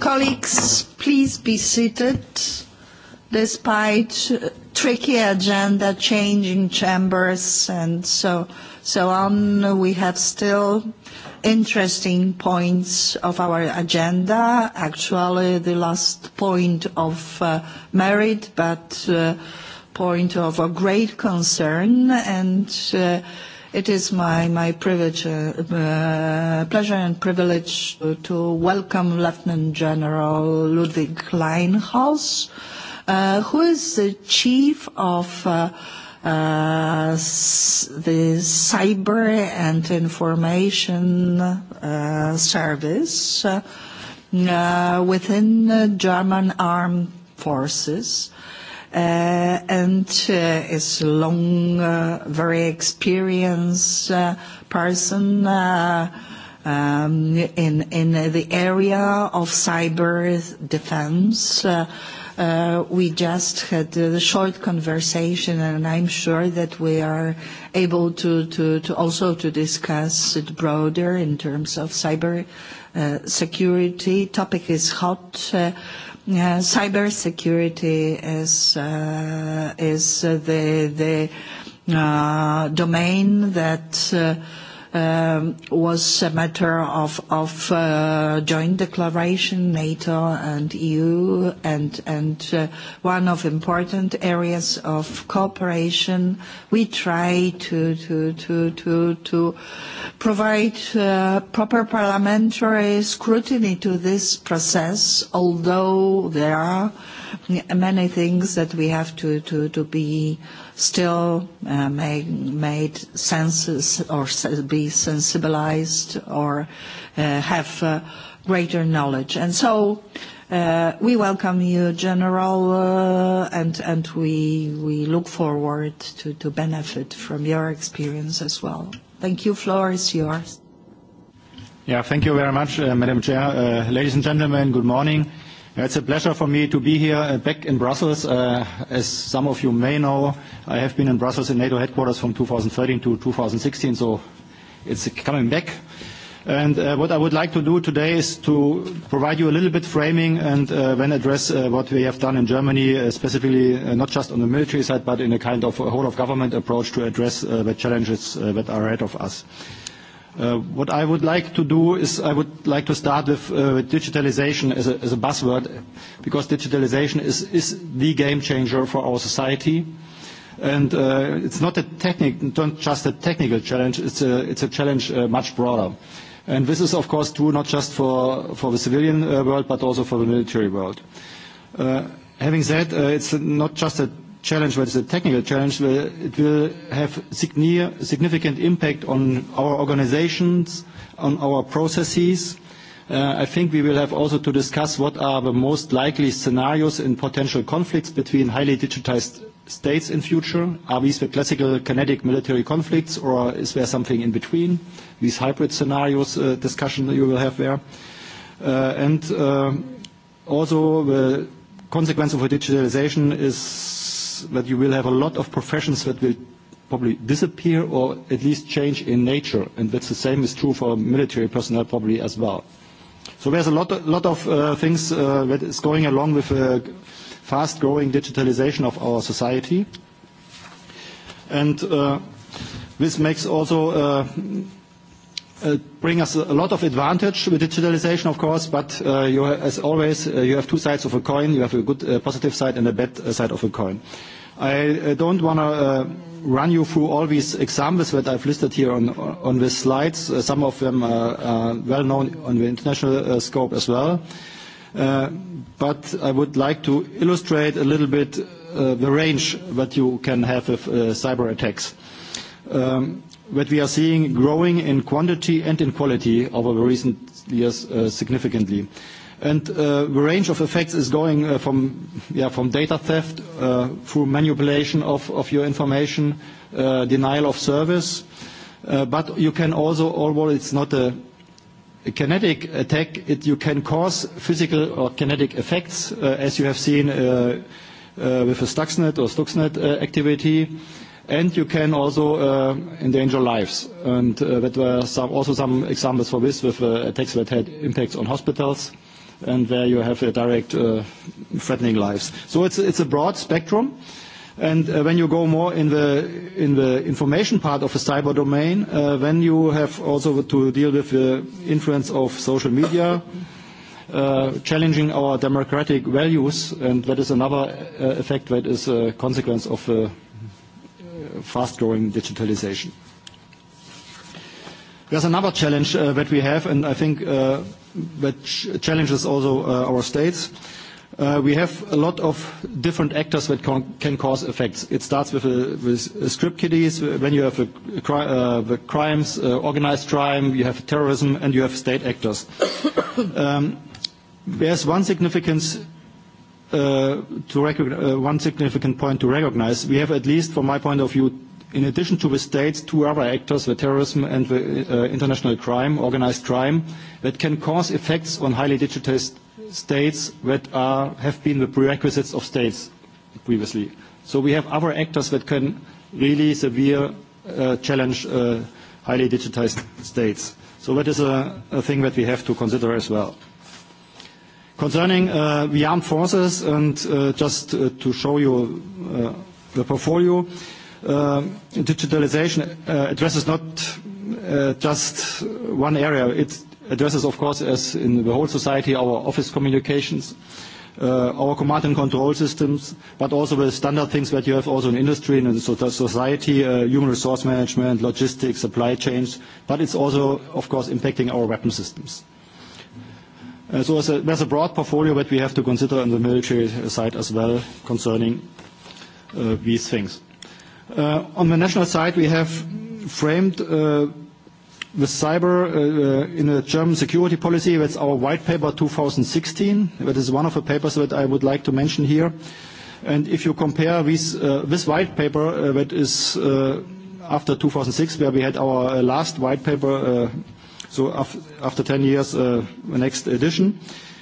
Colleagues, please be seated despite tricky agenda, changing chambers, and so, so on. We have still interesting points of our agenda. Actually, the last point of uh, merit, but uh, point of a great concern. And uh, It is my, my privilege, uh, uh pleasure and privilege to welcome Lieutenant General Ludwig Kleinhaus, uh, who is the chief of uh, uh, the cyber and information uh, service uh, uh within the German armed forces. Uh, Uh, and uh, is a long, very experienced uh, person um, in in the area of cyber defense. we just had a short conversation, and I'm sure that we are able to, to, to also to discuss it broader in terms of cyber security. Topic is hot. Uh, cybersecurity is uh, is the the uh, domain that. Uh, Um, was a matter of, of uh, joint declaration, NATO and EU, and, and uh, one of important areas of cooperation. We try to, to, to, to, to provide uh, proper parliamentary scrutiny to this process, although there are many things that we have to, to, to be uh, still uh, may, made senses or be sensibilized or uh, have uh, greater knowledge. And so uh, we welcome you, General, uh, and, and we, we look forward to, to benefit from your experience as well. Thank you. Floor is yours. Yeah, thank you very much, uh, Madam Chair. Uh, ladies and gentlemen, good morning. It's a pleasure for me to be here uh, back in Brussels. Uh, as some of you may know, I have been in Brussels in NATO headquarters from 2013 to 2016, so it's coming back. And uh, what I would like to do today is to provide you a little bit framing and uh, then address uh, what we have done in Germany, uh, specifically uh, not just on the military side, but in a kind of whole-of-government approach to address uh, the challenges uh, that are ahead of us. Uh, Uh, what I would like to do is I would like to start with uh, digitalization as a, as a buzzword because digitalization is, is the game changer for our society. And uh, it's not, a technic, not just a technical challenge, it's a, it's a challenge uh, much broader. And this is of course true not just for, for the civilian uh, world but also for the military world. Uh, having said, uh, it's not just a challenge, whether it's a technical challenge, it will have significant impact on our organizations, on our processes. Uh, I think we will have also to discuss what are the most likely scenarios in potential conflicts between highly digitized states in future? Are these the classical kinetic military conflicts, or is there something in between? These hybrid scenarios uh, discussion that you will have there. Uh, and uh, also the consequence of a digitalization is that you will have a lot of professions that will probably disappear or at least change in nature. And that's the same is true for military personnel probably as well. So there's a lot, a lot of uh, things uh, that is going along with uh, fast-growing digitalization of our society. And uh, this makes also uh, uh, bring us a lot of advantage with digitalization, of course, but uh, you, as always, uh, you have two sides of a coin. You have a good uh, positive side and a bad uh, side of a coin. Uh, I uh, don't want to uh, run you through all these examples that I've listed here on, on slides. Uh, some of them are uh, well known on the international uh, scope as well. Uh, but I would like to illustrate a little bit the range that you can have with cyber attacks. Um, that we are seeing growing in quantity and in quality over the recent years significantly. Uh, the range of effects is going uh, from, data theft uh, through manipulation of, your information, denial of service. But you can also, although it's not a, kinetic attack, you can cause physical or kinetic effects, as you have seen with the Stuxnet or Stuxnet activity. And you can also endanger lives. And there were also some examples for this with attacks that had impacts on hospitals and there you have a direct uh, threatening lives. So it's, it's a broad spectrum. And uh, when you go more in the, in the information part of the cyber domain, uh, then you have also to deal with the influence of social media, uh, challenging our democratic values, and that is another uh, effect that is a consequence of uh, fast-growing digitalization. There's another challenge uh, that we have, and I think uh, that challenges also uh, our states. Uh, we have a lot of different actors that can cause effects. It starts with, a, uh, with uh, script kiddies, when you have a cri uh, the crimes, uh, organized crime, you have terrorism, and you have state actors. um, there's one significance uh, to uh, one significant point to recognize. We have at least, from my point of view, in addition to the states, two other actors, the terrorism and the uh, international crime, organized crime, that can cause effects on highly digitized states that are, have been the prerequisites of states previously. So we have other actors that can really severe uh, challenge uh, highly digitized states. So that is a, a thing that we have to consider as well. Concerning uh, the armed forces, and uh, just uh, to show you uh, the portfolio, uh, Uh, digitalization uh, addresses not uh, just one area. It addresses, of course, as in the whole society, our office communications, Uh, our command and control systems, but also the standard things that you have also in industry and in society, uh, human resource management, logistics, supply chains, but it's also, of course, impacting our weapon systems. Uh, so a, there's a broad portfolio that we have to consider on the military side as well concerning these things. Uh, on the national side, we have framed uh, the cyber uh, uh in a German security policy. That's our white paper 2016. That is one of the papers that I would like to mention here. And if you compare uh, this white paper uh, that is after 2006, where we had our last white paper, so af after 10 years, the next edition,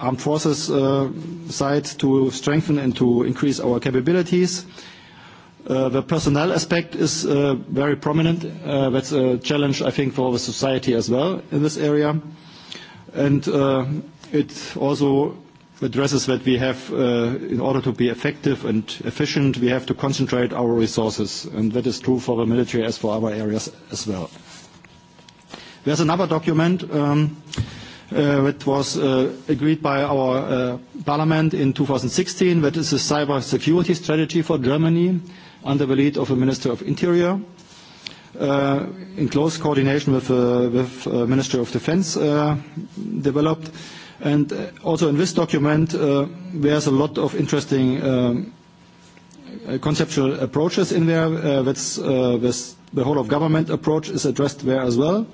armed forces uh, side to strengthen and to increase our capabilities. Uh, the personnel aspect is uh, very prominent. that's a challenge, I think, for the society as well in this area. And it also addresses that we have, uh, in order to be effective and efficient, we have to concentrate our resources, and that is true for the military as for other areas as well. There's another document um, uh, that was uh, agreed by our uh, parliament in 2016. That is a cyber security strategy for Germany under the lead of the Minister of Interior. Uh, in close coordination with uh, with uh, Ministry of Defense uh, developed. And uh, also in this document, uh, there's a lot of interesting um, uh, conceptual approaches in there. Uh, that's, uh, this, the whole of government approach is addressed there as well.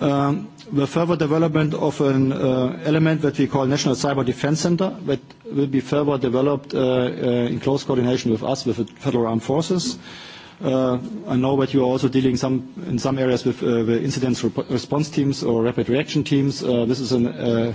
Um, the further development of an uh, element that we call National Cyber Defense Center that will be further developed uh, uh, in close coordination with us, with the Federal Armed Forces. Uh, I know that you are also dealing some, in some areas with uh, the incident response teams or rapid reaction teams. Uh, this is an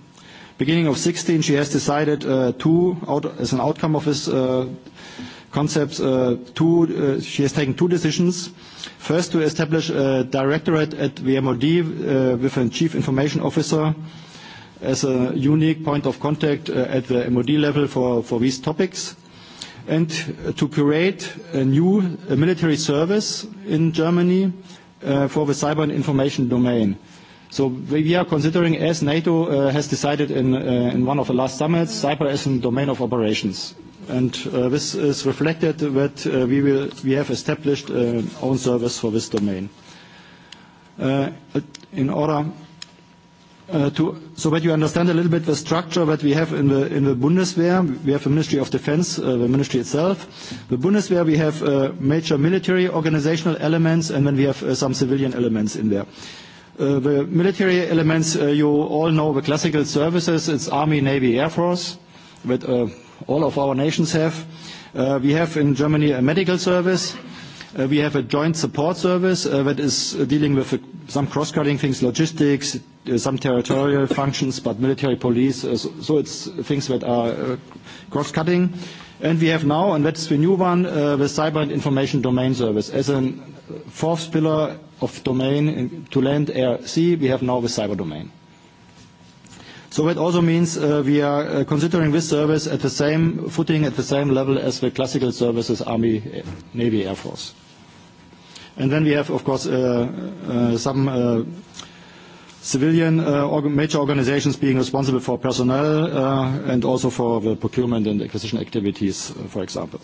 beginning of 16, she has decided uh, two, out, as an outcome of this uh, concept, uh, two, uh, she has taken two decisions. First, to establish a directorate at VMOD uh, with a chief information officer as a unique point of contact uh, at the MOD level for, for these topics and uh, to create a new a military service in Germany uh, for the cyber and information domain. Uh, So we are considering, as NATO uh, has decided in, uh, in one of the last summits, cyber as a domain of operations. And uh, this is reflected that uh, we, will, we have established uh, own service for this domain. Uh, in order uh, to, so that you understand a little bit the structure that we have in the, in the Bundeswehr, we have the Ministry of Defense, uh, the ministry itself. The Bundeswehr, we have uh, major military organizational elements, and then we have uh, some civilian elements in there. Uh, Uh, the military elements, uh, you all know the classical services. It's Army, Navy, Air Force that uh, all of our nations have. Uh, we have in Germany a medical service. Uh, we have a joint support service uh, that is uh, dealing with uh, some cross-cutting things, logistics, uh, some territorial functions, but military police. So, so it's things that are cross-cutting. And we have now, and that's the new one, the cyber and information domain service as a fourth pillar of domain to land, air, sea, we have now the cyber domain. So That also means uh, we are uh, considering this service at the same footing, at the same level as the classical services, Army, Navy, Air Force. And Then we have, of course, uh, uh some uh, civilian uh, major organizations being responsible for personnel and also for the procurement and acquisition activities, for example.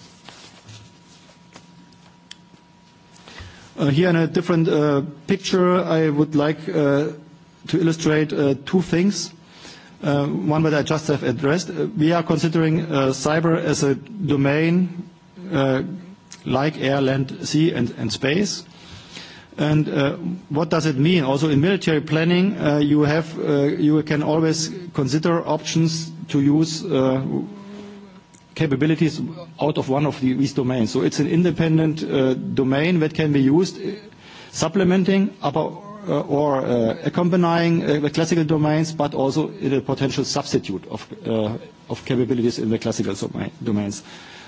Uh, here in a different uh, picture, I would like uh, to illustrate uh, two things. Uh, one that I just have addressed. Uh, we are considering cyber as a domain like air, land, sea, and, and space. And uh, what does it mean? Also, in military planning, uh, you have uh, you can always consider options to use capabilities out of one of these domains. So it's an independent uh, domain that can be used uh, supplementing upper, uh, or uh, accompanying uh, the classical domains, but also in a potential substitute of, uh, of capabilities in the classical domains.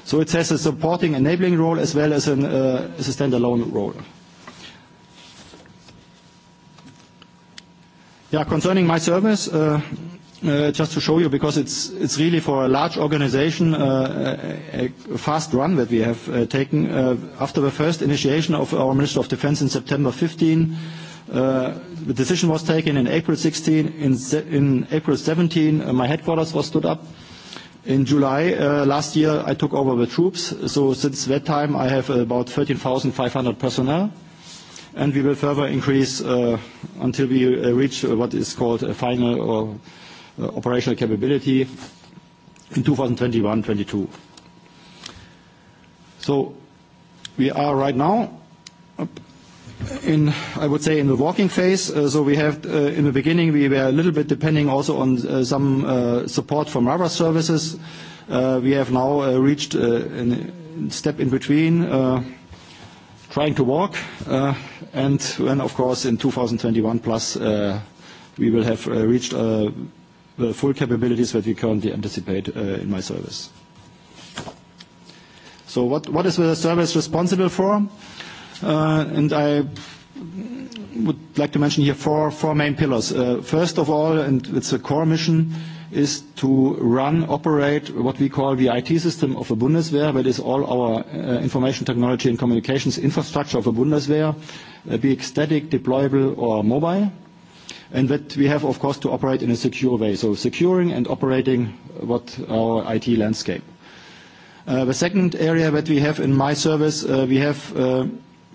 So it has a supporting enabling role as well as, an, uh, as a standalone role. Yeah, concerning my service, uh, Uh, just to show you, because it's, it's really for a large organization, uh, a, fast run that we have uh, taken. Uh, after the first initiation of our Minister of Defense in September 2015, uh, the decision was taken in April 16. In, in April 2017, uh, my headquarters was stood up. In July last year, I took over the troops. So since that time, I have about 13,500 personnel and we will further increase uh, until we uh, reach what is called a final or Uh, operational capability in 2021, 2022. So we are right now in, I would say, in the walking phase. Uh, so we have, uh, in the beginning, we were a little bit depending also on some support from other services. We have now reached a step in between, trying to walk, and of course, in 2021 plus, we will have reached the full capabilities that we currently anticipate uh, in my service. So what, is the service responsible for? Uh, and I would like to mention here four, main pillars. Uh, first of all, and it's a core mission, is to run, operate what we call the IT system of the Bundeswehr. That is all our information technology and communications infrastructure of the Bundeswehr, be it static, deployable, or mobile and that we have, of course, to operate in a secure way, so securing and operating what our IT landscape. Uh, the second area that we have in my service, uh, we have uh,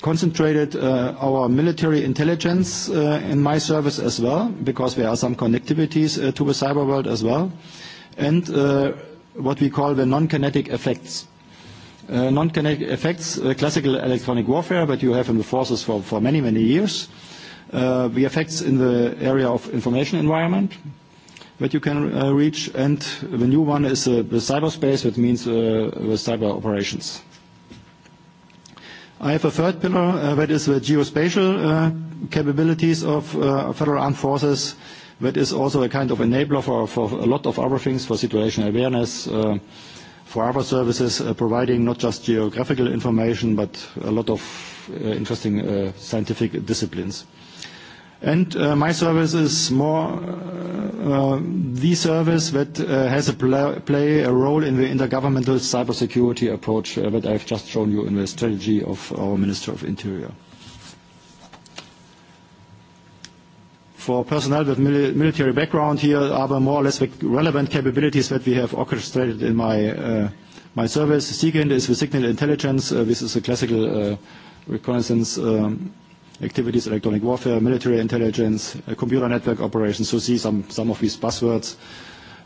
concentrated uh, our military intelligence uh, in my service as well, because there are some connectivities uh, to the cyber world as well, and what we call the non-kinetic effects. Non-kinetic effects, classical electronic warfare that you have in the forces for, for many, many years, Uh, the effects in the area of information environment that you can uh, reach, and the new one is uh, the cyberspace, that means uh, the cyber operations. I have a third pillar, uh, that is the geospatial uh, capabilities of uh, federal armed forces. That is also a kind of enabler for, for a lot of other things, for situational awareness, uh, for other services, uh, providing not just geographical information, but a lot of uh, interesting uh, scientific disciplines. And uh, my service is more uh, uh, the service that has a play a role in the intergovernmental cybersecurity approach that I've just shown you in the strategy of our Minister of Interior. For personnel with military background here are the more or less relevant capabilities that we have orchestrated in my, uh, my service. Second is the signal intelligence. Uh, this is a classical uh, reconnaissance um, activities, electronic warfare, military intelligence, uh, computer network operations. So see some, some of these buzzwords.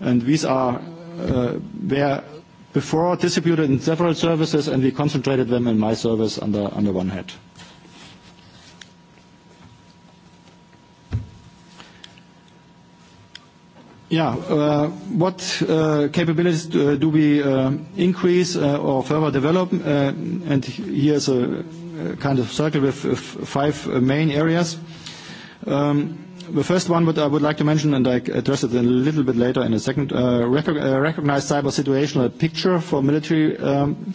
And these are uh, where before distributed in several services, and we concentrated them in my service under, under one head. Yeah. Uh, what uh, capabilities do, do we uh, increase uh, or further develop? Uh, and Here's a Uh, kind of circle with five uh, main areas. Um, the first one that I would like to mention, and I address it a little bit later in a second, uh, rec uh, recognize cyber situational picture for military um,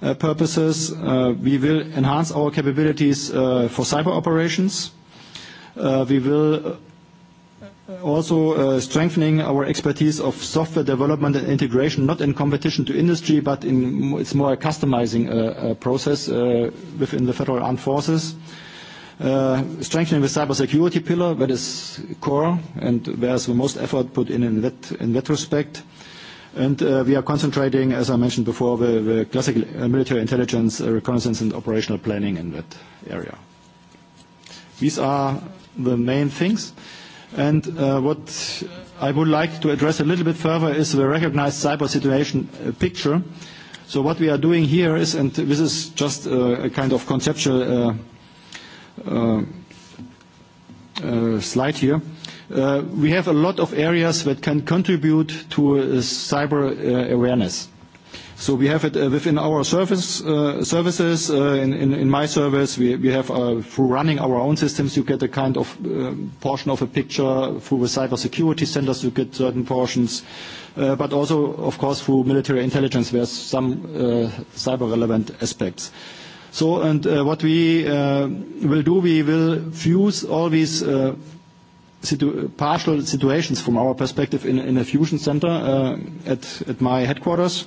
uh, purposes. Uh, we will enhance our capabilities uh, for cyber operations. Uh, we will uh, Uh, also uh, strengthening our expertise of software development and integration, not in competition to industry, but it's more a customizing uh, process within the Federal Armed Forces. Strengthening the cybersecurity pillar, that is core, and there's the most effort put in in that, in that respect. And we are concentrating, as I mentioned before, the, classic military intelligence, reconnaissance, and operational planning in that area. These are the main things. And uh, what I would like to address a little bit further is the recognized cyber situation uh, picture. So what we are doing here is, and this is just a, uh, a kind of conceptual uh, uh, uh, slide here. Uh, we have a lot of areas that can contribute to cyber awareness. So we have it uh, within our uh, services. Uh, in, my service, we, have through running our own systems, you get a kind of portion of a picture. Through the cybersecurity centers, you get certain portions. But also, of course, through military intelligence, there's some cyber-relevant aspects. So, and what we will do, we will fuse all these partial situations from our perspective in, a fusion center at my headquarters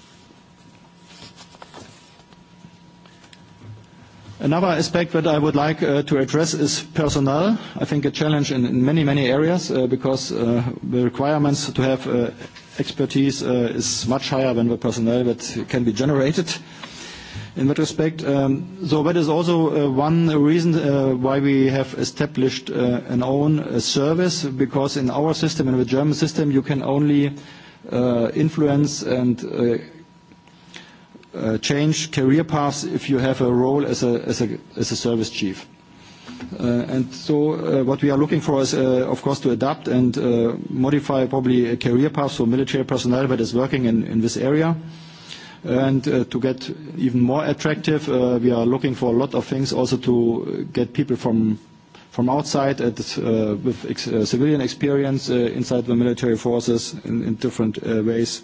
Another aspect that I would like uh, to address is personnel. I think a challenge in, many, many areas uh, because uh, the requirements to have uh, expertise uh, is much higher than the personnel that can be generated in that respect. Um, so that is also uh, one reason uh, why we have established uh, an own uh, service, because in our system, in the German system, you can only uh, influence and uh, uh, change career paths if you have a role as a, as a, as a service chief. Uh, and so uh, what we are looking for is, uh, of course, to adapt and uh, modify probably a career path for military personnel that is working in, in this area. And uh, to get even more attractive, uh, we are looking for a lot of things also to get people from from outside at, uh, with ex uh, civilian experience uh, inside the military forces in, in different uh, ways. Uh,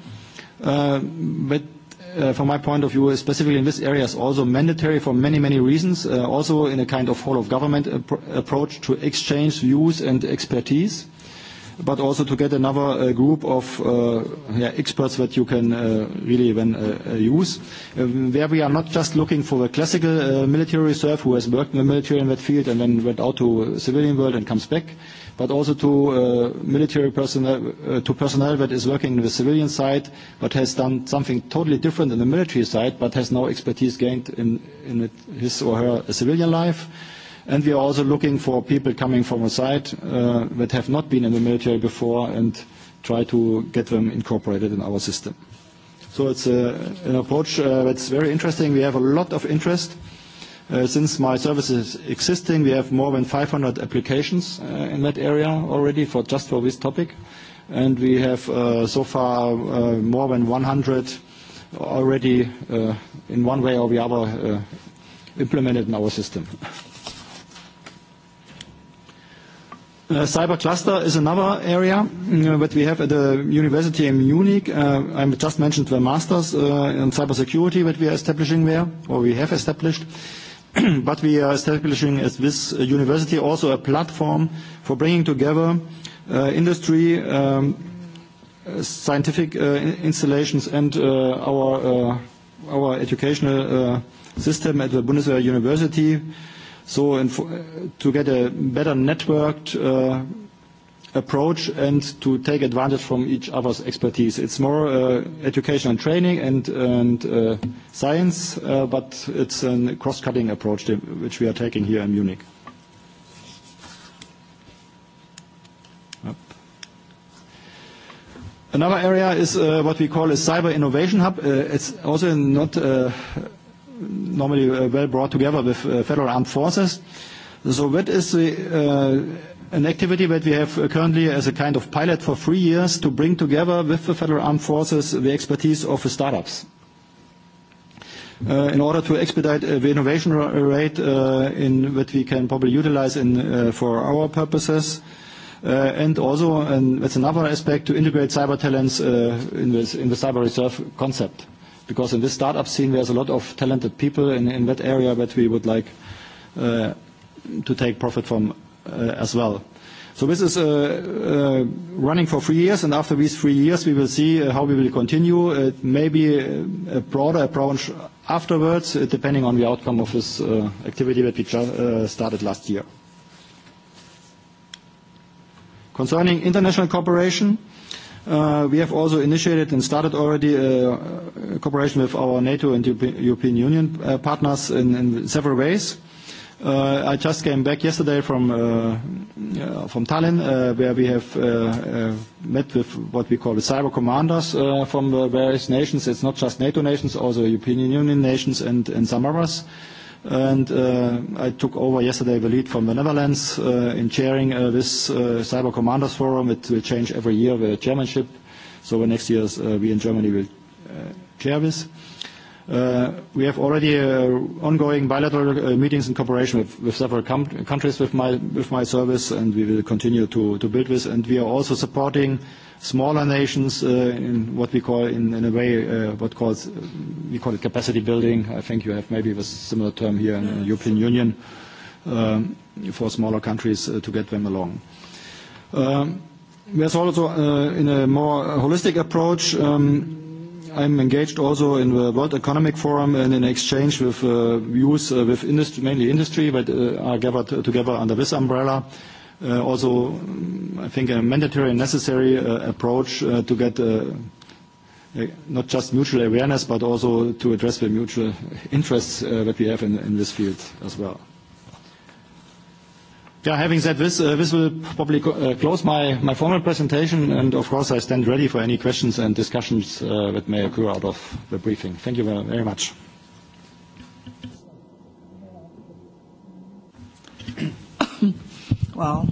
Uh, but uh, from my point of view, specifically in this area, is also mandatory for many, many reasons, uh, also in a kind of whole-of-government ap approach to exchange views and expertise but also to get another uh, group of uh, yeah, experts that you can uh, really then uh, uh, use. Uh, where we are not just looking for the classical uh, military reserve who has worked in the military in that field and then went out to civilian world and comes back, but also to uh, military personnel, uh, to personnel that is working in the civilian side, but has done something totally different in the military side, but has no expertise gained in, in it, his or her uh, civilian life And we are also looking for people coming from outside uh, that have not been in the military before and try to get them incorporated in our system. So it's a, uh, an approach uh, that's very interesting. We have a lot of interest. Uh, since my service is existing, we have more than 500 applications uh, in that area already for just for this topic. And we have uh, so far uh, more than 100 already uh, in one way or the other uh, implemented in our system. Uh, cluster is another area mm, uh, that we have at the university in Munich. Uh, I just mentioned the masters uh, in cybersecurity that we are establishing there, or we have established. but we are establishing at this uh, university also a platform for bringing together uh, industry, um, scientific installations, and our, our educational system at the Bundeswehr University so uh, to get a better networked uh, approach and to take advantage from each other's expertise. It's more uh, education and training and, and uh, science, uh, but it's a cross-cutting approach which we are taking here in Munich. Another area is uh, what we call a cyber innovation hub. Uh, it's also not uh, normally uh, well brought together with uh, federal armed forces. So that is the, uh, an activity that we have uh, currently as a kind of pilot for three years to bring together with the federal armed forces the expertise of the startups. Uh, in order to expedite uh, the innovation rate uh, in that we can probably utilize in, uh, for our purposes. Uh, and also, and that's another aspect, to integrate cyber talents in, this, in the cyber reserve concept because in this startup scene there's a lot of talented people in, in that area that we would like uh, to take profit from uh, as well. So this is uh, uh, running for three years, and after these three years we will see uh, how we will continue. It may be uh, a broader approach afterwards, uh, depending on the outcome of this uh, activity that we uh, started last year. Concerning international cooperation, uh, Uh, we have also initiated and started already uh, a cooperation with our NATO and European Union uh, partners in, in several ways. Uh, I just came back yesterday from uh, uh, from Tallinn, uh, where we have uh, uh, met with what we call the cyber commanders uh, from the uh, various nations. It's not just NATO nations, also European Union nations and, and some others. Uh, and uh, I took over yesterday the lead from the Netherlands uh, in chairing uh, this uh, Cyber Commanders Forum. It will change every year the chairmanship, so next year uh, we in Germany will uh, chair this. we have already ongoing bilateral meetings in cooperation with, with several countries with my, with my service, and we will continue to, to build this. And we are also supporting uh, smaller nations uh, in what we call in, in a way uh, what calls we call it capacity building. I think you have maybe a similar term here in the European Union um, for smaller countries uh, to get them along. Um, there's also uh, in a more holistic approach. Um, I'm engaged also in the World Economic Forum and in exchange with uh, views uh, with industry, mainly industry, but uh, are gathered together under this umbrella uh, also, mm, I think, a mandatory and necessary uh, approach uh, to get uh, uh, not just mutual awareness, but also to address the mutual interests uh, that we have in, in this field as well. Yeah, having said this, uh, this will probably uh, close my, my formal presentation, and of course I stand ready for any questions and discussions uh, that may occur out of the briefing. Thank you very, very much well,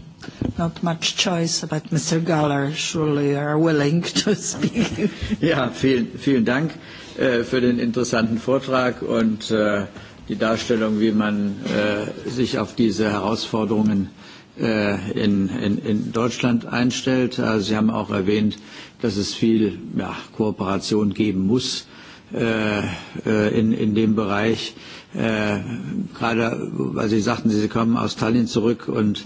not much choice, but Mr. Galler surely are willing to speak. ja, vielen, vielen Dank äh, für den interessanten Vortrag und äh, die Darstellung, wie man äh, sich auf diese Herausforderungen äh, in, in, in Deutschland einstellt. Also Sie haben auch erwähnt, dass es viel ja, Kooperation geben muss äh, äh in, in dem Bereich. Äh, gerade, weil Sie sagten, Sie kommen aus Tallinn zurück und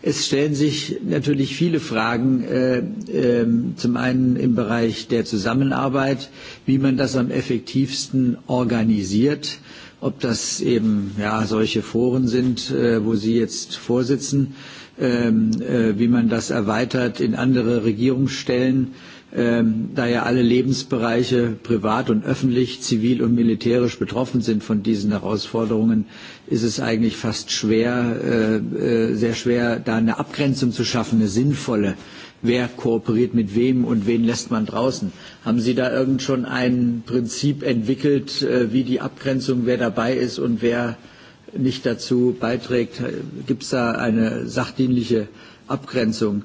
Es stellen sich natürlich viele Fragen, äh, äh, zum einen im Bereich der Zusammenarbeit, wie man das am effektivsten organisiert, ob das eben ja, solche Foren sind, äh, wo Sie jetzt vorsitzen, äh, äh, wie man das erweitert in andere Regierungsstellen ähm, da ja alle Lebensbereiche privat und öffentlich, zivil und militärisch betroffen sind von diesen Herausforderungen, ist es eigentlich fast schwer, äh, äh, sehr schwer, da eine Abgrenzung zu schaffen, eine sinnvolle. Wer kooperiert mit wem und wen lässt man draußen? Haben Sie da irgend schon ein Prinzip entwickelt, äh, wie die Abgrenzung, wer dabei ist und wer nicht dazu beiträgt? Gibt es da eine sachdienliche Abgrenzung?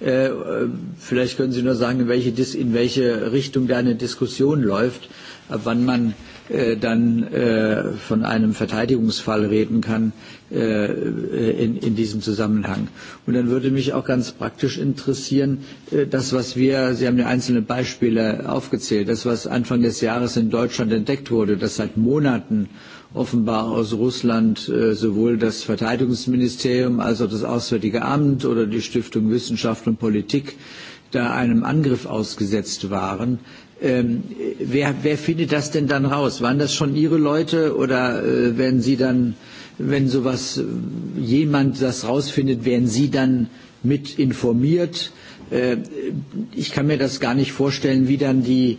Äh, vielleicht können Sie nur sagen, in welche, in welche Richtung da eine Diskussion läuft, ab wann man äh, dann äh, von einem Verteidigungsfall reden kann in, in diesem Zusammenhang. Und dann würde mich auch ganz praktisch interessieren, das, was wir, Sie haben ja einzelne Beispiele aufgezählt, das, was Anfang des Jahres in Deutschland entdeckt wurde, das seit Monaten äh, offenbar aus Russland äh, sowohl das Verteidigungsministerium als auch das Auswärtige Amt oder die Stiftung Wissenschaft und Politik da einem Angriff ausgesetzt waren. Ähm, wer, wer findet das denn dann raus? Waren das schon Ihre Leute oder äh, werden Sie dann, wenn sowas äh, jemand das rausfindet, werden Sie dann mit informiert? Äh, ich kann mir das gar nicht vorstellen, wie dann die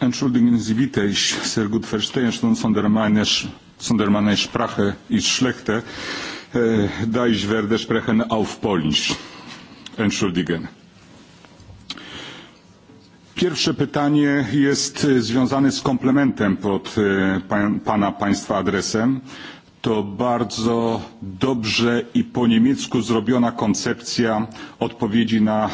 entschuldigen Sie bitte, ich sehr gut verstehe schon von von der der Sondermanne Sprache ist schlechte, äh, da ich werde sprechen auf Polnisch. Entschuldigen. Pierwsze pytanie jest związane z komplementem pod Pana Państwa adresem. To bardzo dobrze i po niemiecku zrobiona koncepcja odpowiedzi na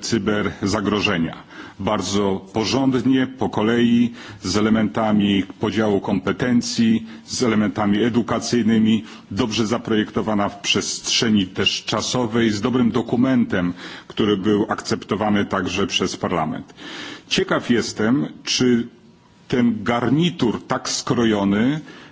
cyberzagrożenia bardzo porządnie, po kolei, z elementami podziału kompetencji, z elementami edukacyjnymi, dobrze zaprojektowana w przestrzeni też czasowej, z dobrym dokumentem, który był akceptowany także przez Parlament. Ciekaw jestem, czy ten garnitur tak skrojony,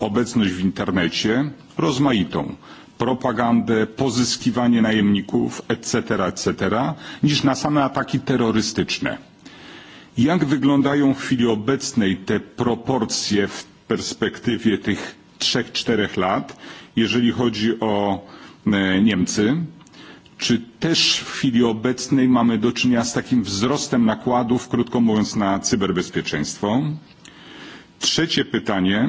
obecność w internecie rozmaitą propagandę, pozyskiwanie najemników, etc., etc., niż na same ataki terrorystyczne. Jak wyglądają w chwili obecnej te proporcje w perspektywie tych 3-4 lat, jeżeli chodzi o Niemcy? Czy też w chwili obecnej mamy do czynienia z takim wzrostem nakładów, krótko mówiąc, na cyberbezpieczeństwo? Trzecie pytanie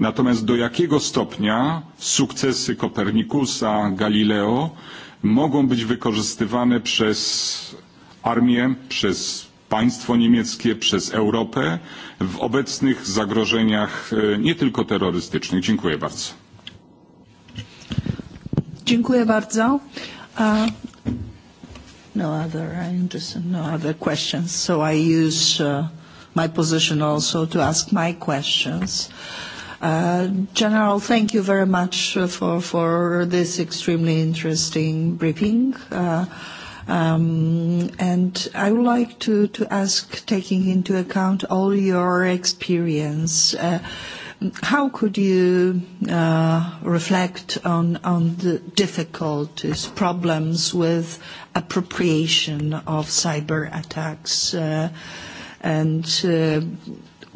Natomiast do jakiego stopnia sukcesy Kopernikusa, Galileo mogą być wykorzystywane przez armię, przez państwo niemieckie, przez Europę w obecnych zagrożeniach nie tylko terrorystycznych? Dziękuję bardzo. Dziękuję bardzo. Uh, no other no other questions, so I use uh, my position also to ask my questions. Uh, Uh, General, thank you very much uh, for, for this extremely interesting briefing. Uh, um, and I would like to, to ask, taking into account all your experience, uh, how could you uh, reflect on, on the difficulties, problems with appropriation of cyber attacks? Uh, and uh,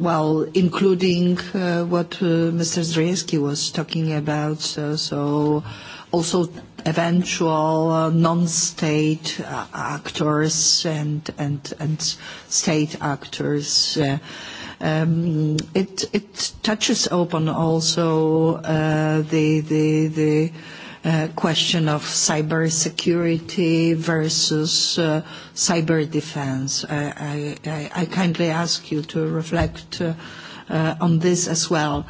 well, including uh, what uh, Mr. Zdrajewski was talking about, so, so also eventual uh, non-state uh, actors and, and, and state actors. Uh, um, it, it touches upon also uh, the, the, the Uh, question of cybersecurity versus uh, cyber defense. I, I, I kindly ask you to reflect uh, uh, on this as well.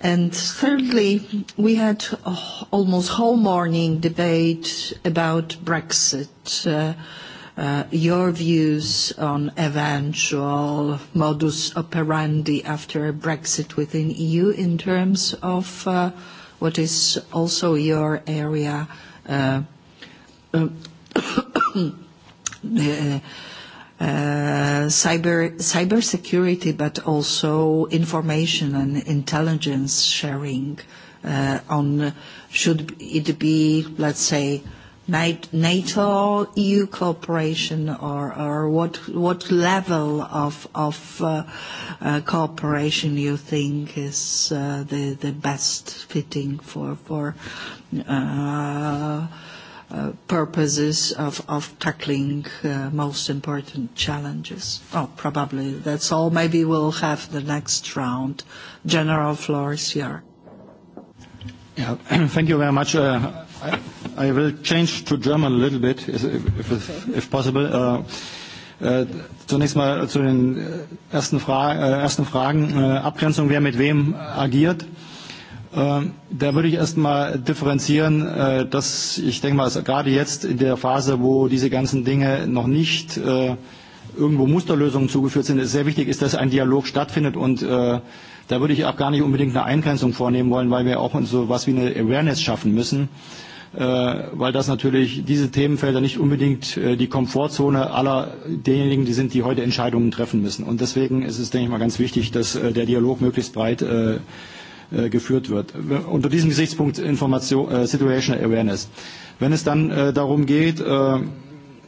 And thirdly, we had oh, almost whole morning debate about Brexit. Uh, Uh, your views on eventual modus operandi after Brexit within EU in terms of uh, what is also your area, uh, the, uh, uh, cyber cybersecurity, but also information and intelligence sharing uh, on should it be, let's say, NATO EU cooperation or, or what, what level of, of uh, uh, cooperation you think is uh, the, the best fitting for, for uh, uh, purposes of, of tackling uh, most important challenges? Oh, probably that's all. Maybe we'll have the next round. General floor is here. Yeah, thank you very much. Uh, I, I will change to German a little bit, if, if, if possible. Uh, Äh, zunächst mal zu den äh, ersten, Fra äh, ersten Fragen. Äh, Abgrenzung, wer mit wem agiert. Äh, da würde ich erst mal differenzieren, äh, dass ich denke mal, gerade jetzt in der Phase, wo diese ganzen Dinge noch nicht irgendwo Musterlösungen zugeführt sind, ist sehr wichtig ist, dass ein Dialog stattfindet und da würde ich auch gar nicht unbedingt eine Eingrenzung vornehmen wollen, weil wir auch so was wie eine Awareness schaffen müssen, äh, weil das natürlich diese Themenfelder nicht unbedingt äh, die Komfortzone aller derjenigen, die sind, die heute Entscheidungen treffen müssen. Und deswegen ist es, denke ich mal, ganz wichtig, dass äh, der Dialog möglichst breit äh, äh geführt wird. Unter diesem Gesichtspunkt Information, äh, Situational Awareness. Wenn es dann äh, darum geht, äh,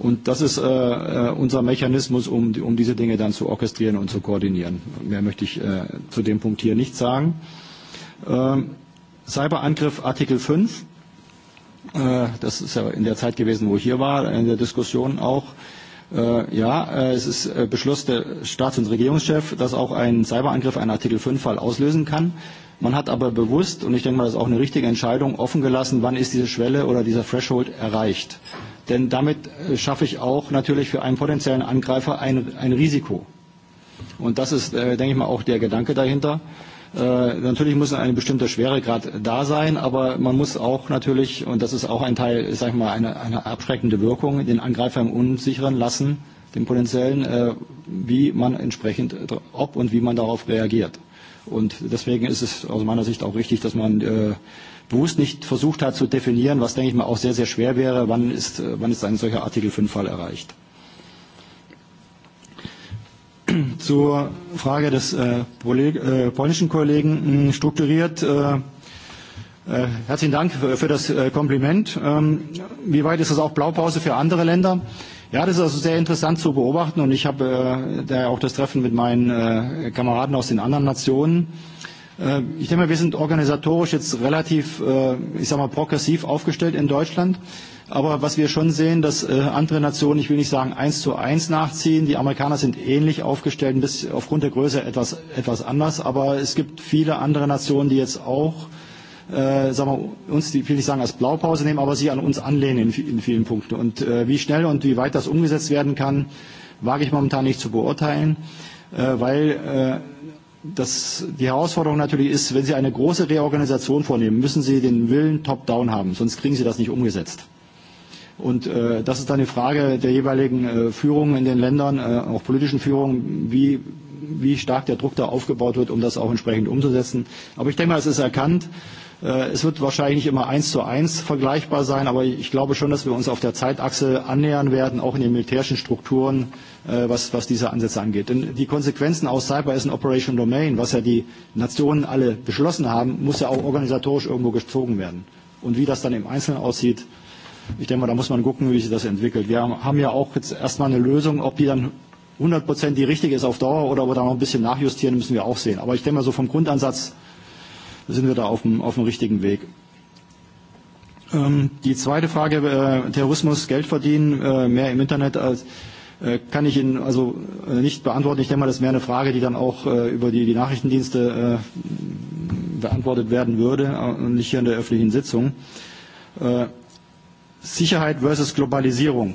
Und das ist äh, äh unser Mechanismus, um, um diese Dinge dann zu orchestrieren und zu koordinieren. Mehr möchte ich äh, zu dem Punkt hier nicht sagen. Äh, Cyberangriff Artikel 5. Äh, das ist ja in der Zeit gewesen, wo ich hier war, in der Diskussion auch. Äh, Äh, ja, äh, es ist äh, Beschluss der Staats- und Regierungschef, dass auch ein Cyberangriff einen Artikel 5-Fall auslösen kann. Man hat aber bewusst, und ich denke mal, das ist auch eine richtige Entscheidung, offen gelassen, wann ist diese Schwelle oder dieser Threshold erreicht. Denn damit äh, schaffe ich auch natürlich für einen potenziellen Angreifer ein, ein Risiko. Und das ist, äh, denke ich mal, auch der Gedanke dahinter. Äh, natürlich muss ein bestimmter Schweregrad da sein, aber man muss auch natürlich, und das ist auch ein Teil, sag ich mal, eine, eine abschreckende Wirkung, den Angreifer im Unsicheren lassen, den potenziellen, äh, wie man entsprechend, ob und wie man darauf reagiert. Und deswegen ist es aus meiner Sicht auch richtig, dass man äh, bewusst nicht versucht hat zu definieren, was, denke ich mal, auch sehr, sehr schwer wäre, wann ist, äh, wann ist ein solcher Artikel 5-Fall erreicht. zur Frage des äh, äh polnischen Kollegen hm, strukturiert. Äh, äh, herzlichen Dank für, für das äh, Kompliment. Ähm, wie weit ist das auch Blaupause für andere Länder? Ja, das ist also sehr interessant zu beobachten und ich habe äh, da auch das Treffen mit meinen äh, Kameraden aus den anderen Nationen äh, Äh, ich denke mal, wir sind organisatorisch jetzt relativ, äh, ich sage mal, progressiv aufgestellt in Deutschland. Aber was wir schon sehen, dass äh, andere Nationen, ich will nicht sagen eins zu eins nachziehen, die Amerikaner sind ähnlich aufgestellt, ein bisschen aufgrund der Größe etwas, etwas anders. Aber es gibt viele andere Nationen, die jetzt auch äh, sagen wir, uns, die will ich sagen, als Blaupause nehmen, aber sie an uns anlehnen in, in vielen Punkten. Und äh, wie schnell und wie weit das umgesetzt werden kann, wage ich momentan nicht zu beurteilen, äh, weil das, die Herausforderung natürlich ist, wenn Sie eine große Reorganisation vornehmen, müssen Sie den Willen top-down haben, sonst kriegen Sie das nicht umgesetzt. Und äh, das ist dann die Frage der jeweiligen äh, Führung in den Ländern, äh, auch politischen Führung, wie wie stark der Druck da aufgebaut wird, um das auch entsprechend umzusetzen. Aber ich denke mal, es ist erkannt. Äh, es wird wahrscheinlich nicht immer eins zu eins vergleichbar sein, aber ich glaube schon, dass wir uns auf der Zeitachse annähern werden, auch in den militärischen Strukturen, äh, was, was diese Ansätze angeht. Denn die Konsequenzen aus Cyber ist ein Operation Domain, was ja die Nationen alle beschlossen haben, muss ja auch organisatorisch irgendwo gezogen werden. Und wie das dann im Einzelnen aussieht, ich denke mal, da muss man gucken, wie sich das entwickelt. Wir haben ja auch jetzt erstmal eine Lösung, ob die dann 100 Prozent die richtige ist auf Dauer oder ob wir da noch ein bisschen nachjustieren, müssen wir auch sehen. Aber ich denke mal, so vom Grundansatz sind wir da auf dem, auf dem richtigen Weg. Ähm, die zweite Frage, äh, Terrorismus, Geld verdienen, äh, mehr im Internet als äh, kann ich Ihnen also äh, nicht beantworten. Ich denke mal, das wäre eine Frage, die dann auch äh, über die, die Nachrichtendienste äh, beantwortet werden würde äh, und nicht hier in der öffentlichen Sitzung. Äh, Sicherheit versus Globalisierung. Äh,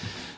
Äh,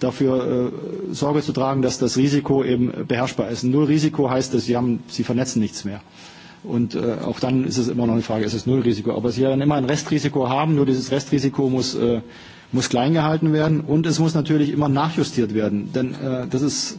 dafür äh, Sorge zu tragen, dass das Risiko eben beherrschbar ist. Null Risiko heißt, dass sie, haben, sie vernetzen nichts mehr. Und äh, auch dann ist es immer noch eine Frage, ist es Null Risiko. Aber sie werden immer ein Restrisiko haben, nur dieses Restrisiko muss, äh, muss klein gehalten werden und es muss natürlich immer nachjustiert werden. Denn äh, das ist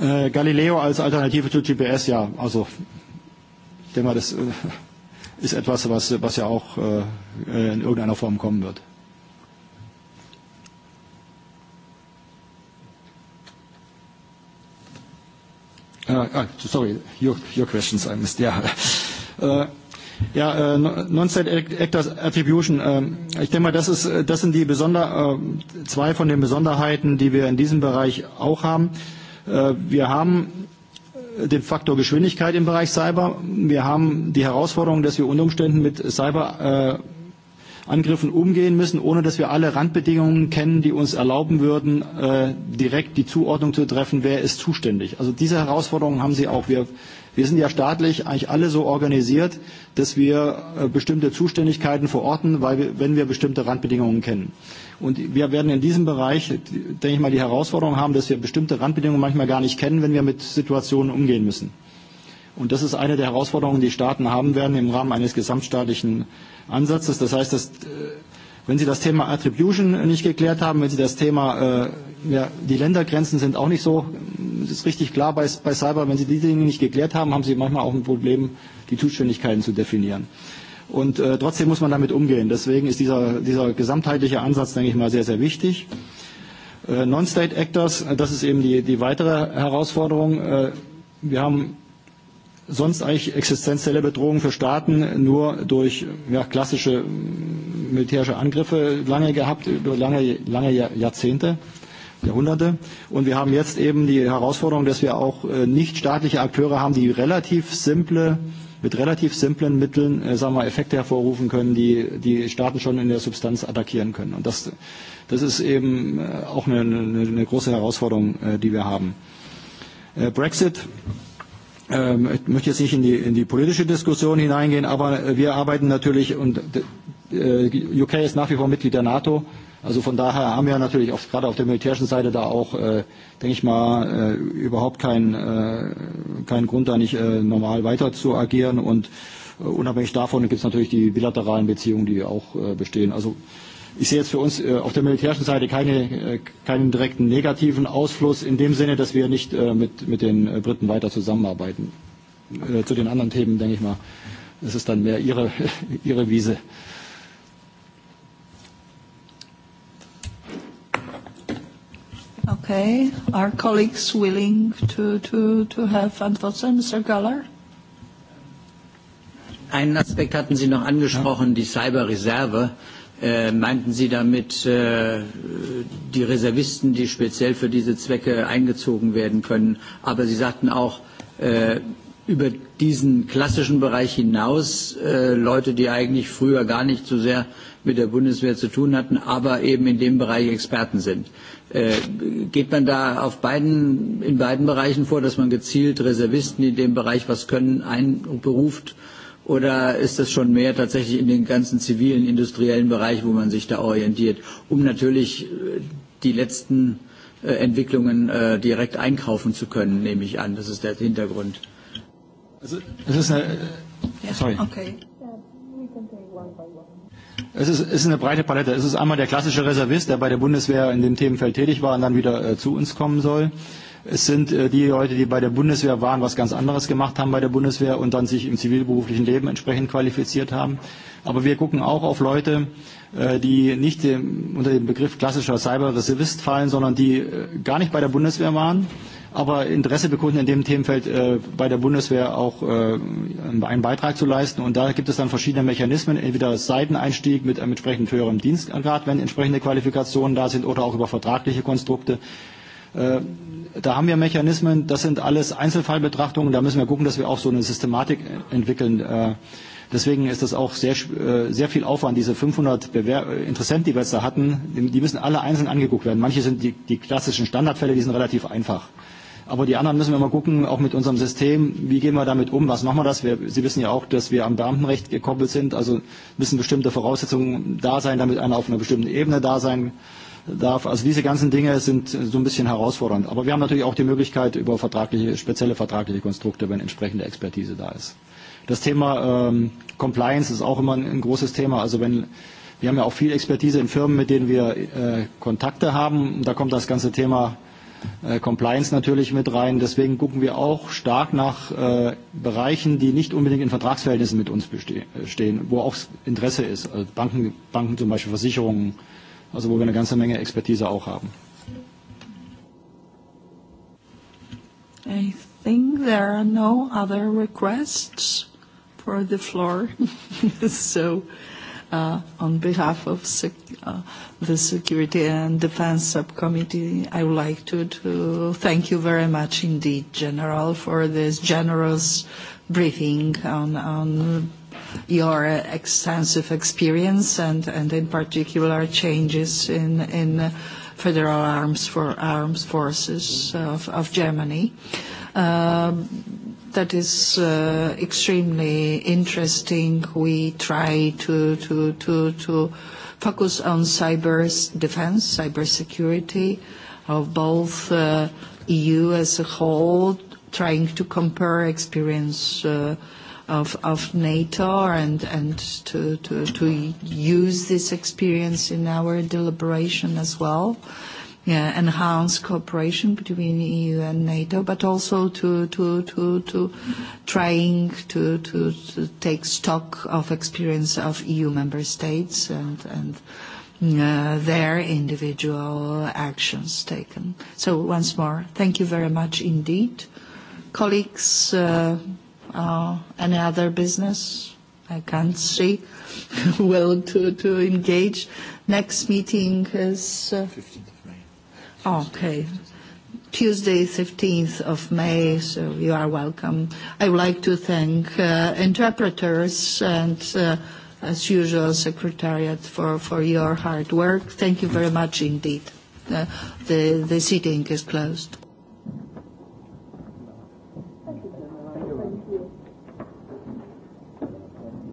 Äh, Galileo als Alternative zu GPS, ja, also ich denke mal, das äh, ist etwas, was, was ja auch äh, in irgendeiner Form kommen wird. Uh, sorry, your, your questions I missed. Yeah. Uh, ja, äh, äh Non-State Actors Attribution, äh, ich denke mal, das, ist, das sind die Besonder, äh, zwei von den Besonderheiten, die wir in diesem Bereich auch haben. Äh, Äh, wir haben den Faktor Geschwindigkeit im Bereich Cyber. Wir haben die Herausforderung, dass wir unter Umständen mit Cyberangriffen äh, umgehen müssen, ohne dass wir alle Randbedingungen kennen, die uns erlauben würden, äh, direkt die Zuordnung zu treffen, wer ist zuständig. Also diese Herausforderungen haben Sie auch. Wir Wir sind ja staatlich eigentlich alle so organisiert, dass wir äh, bestimmte Zuständigkeiten verorten, weil wir, wenn wir bestimmte Randbedingungen kennen. Und wir werden in diesem Bereich, denke ich mal, die Herausforderung haben, dass wir bestimmte Randbedingungen manchmal gar nicht kennen, wenn wir mit Situationen umgehen müssen. Und das ist eine der Herausforderungen, die Staaten haben werden im Rahmen eines gesamtstaatlichen Ansatzes. Das heißt, dass, äh, wenn Sie das Thema Attribution nicht geklärt haben, wenn Sie das Thema, äh, ja, die Ländergrenzen sind auch nicht so sind, ist richtig klar bei, bei Cyber. Wenn Sie diese Dinge nicht geklärt haben, haben Sie manchmal auch ein Problem, die Zuständigkeiten zu definieren. Und äh, trotzdem muss man damit umgehen. Deswegen ist dieser, dieser gesamtheitliche Ansatz, denke ich mal, sehr, sehr wichtig. Äh, Non-State Actors, äh, das ist eben die, die weitere Herausforderung. Äh, wir haben sonst eigentlich existenzielle Bedrohungen für Staaten nur durch ja, klassische militärische Angriffe lange gehabt, über lange, lange Jahrzehnte. Äh, Jahrhunderte. Und wir haben jetzt eben die Herausforderung, dass wir auch äh, nichtstaatliche Akteure haben, die relativ simple mit relativ simplen Mitteln, äh, sagen wir, Effekte hervorrufen können, die die Staaten schon in der Substanz attackieren können. Und das, das ist eben äh, auch eine, eine, eine große Herausforderung, die wir haben. Brexit. Ähm, ich möchte jetzt nicht in die, in die politische Diskussion hineingehen, aber wir arbeiten natürlich und UK ist nach wie vor Mitglied der NATO. Also von daher haben wir natürlich auf, gerade auf der militärischen Seite da auch, äh, denke ich mal, äh, überhaupt äh, keinen äh, kein Grund, da nicht äh, normal weiter zu agieren. Und äh, unabhängig davon gibt es natürlich die bilateralen Beziehungen, die auch äh, bestehen. Also ich sehe jetzt für uns äh, auf der militärischen Seite keine, äh, keinen direkten negativen Ausfluss in dem Sinne, dass wir nicht äh, mit, mit den äh, Briten weiter zusammenarbeiten. Äh, zu den anderen Themen, denke ich mal, das ist dann mehr ihre, ihre Wiese. Okay. Are colleagues willing to, to, to have Antworten? Mr. Galler? Einen Aspekt hatten Sie noch angesprochen, die Cyberreserve. Äh, meinten Sie damit äh, die Reservisten, die speziell für diese Zwecke eingezogen werden können? Aber Sie sagten auch, äh, über diesen klassischen Bereich hinaus äh, Leute, die eigentlich früher gar nicht so sehr mit der Bundeswehr zu tun hatten, aber eben in dem Bereich Experten sind. Äh, geht man da auf beiden, in beiden Bereichen vor, dass man gezielt Reservisten, in dem Bereich was können, einberuft? Oder ist das schon mehr tatsächlich in den ganzen zivilen, industriellen Bereich, wo man sich da orientiert, um natürlich äh, die letzten äh, Entwicklungen äh, direkt einkaufen zu können, nehme ich an. Das ist der Hintergrund. Is it, is a, yeah. sorry. Okay. Es ist, ist eine breite Palette. Es ist einmal der klassische Reservist, der bei der Bundeswehr in dem Themenfeld tätig war und dann wieder äh, zu uns kommen soll. Äh, Es sind äh, die Leute, die bei der Bundeswehr waren, was ganz anderes gemacht haben bei der Bundeswehr und dann sich im zivilberuflichen Leben entsprechend qualifiziert haben. Aber wir gucken auch auf Leute, äh, die nicht unter den Begriff klassischer Cyberreservist fallen, sondern die äh, gar nicht bei der Bundeswehr waren, aber Interesse bekunden, in dem Themenfeld bei der Bundeswehr auch einen Beitrag zu leisten. Und da gibt es dann verschiedene Mechanismen, entweder Seiteneinstieg mit einem entsprechend höheren Dienstgrad, wenn entsprechende Qualifikationen da sind, oder auch über vertragliche Konstrukte, Äh, da haben wir Mechanismen, das sind alles Einzelfallbetrachtungen, da müssen wir gucken, dass wir auch so eine Systematik entwickeln. Äh, deswegen ist das auch sehr, äh, sehr viel Aufwand. Diese 500 Bewer Interessenten, die wir jetzt da hatten, die müssen alle einzeln angeguckt werden. Manche sind die, die klassischen Standardfälle, die sind relativ einfach. Aber die anderen müssen wir mal gucken, auch mit unserem System, wie gehen wir damit um, was machen wir das? Wir, Sie wissen ja auch, dass wir am Beamtenrecht gekoppelt sind, also müssen bestimmte Voraussetzungen da sein, damit einer auf einer bestimmten Ebene da sein darf. Also diese ganzen Dinge sind so ein bisschen herausfordernd. Aber wir haben natürlich auch die Möglichkeit über vertragliche, spezielle vertragliche Konstrukte, wenn entsprechende Expertise da ist. Das Thema ähm, Compliance ist auch immer ein, ein großes Thema. Also wenn wir haben ja auch viel Expertise in Firmen, mit denen wir äh, Kontakte haben. Und da kommt das ganze Thema äh, Compliance natürlich mit rein. Deswegen gucken wir auch stark nach äh, Bereichen, die nicht unbedingt in Vertragsverhältnissen mit uns äh, stehen, wo auch Interesse ist. Also Banken, Banken zum Beispiel, Versicherungen, äh, also wo wir eine ganze Menge Expertise auch haben. I think there are no other requests for the floor. so, uh, on behalf of sec uh, the Security and Defense Subcommittee, I would like to, to thank you very much indeed, General, for this generous briefing on, on your extensive experience and, and in particular changes in, in federal arms for arms forces of, of Germany. Um, that is uh, extremely interesting. We try to, to, to, to focus on cyber defense, cyber security of both uh, EU as a whole, trying to compare experience uh, of, of NATO and, and to, to, to use this experience in our deliberation as well. Yeah, uh, enhance cooperation between EU and NATO, but also to to to to trying to to, to take stock of experience of EU member states and and uh, their individual actions taken. So once more, thank you very much indeed, colleagues. Uh, Uh, any other business? I can't see will to, to engage. Next meeting is... Uh, 15th of May. okay. Tuesday, 15th of May, so you are welcome. I would like to thank uh, interpreters and, uh, as usual, Secretariat for, for your hard work. Thank you very much indeed. Uh, the, the sitting is closed.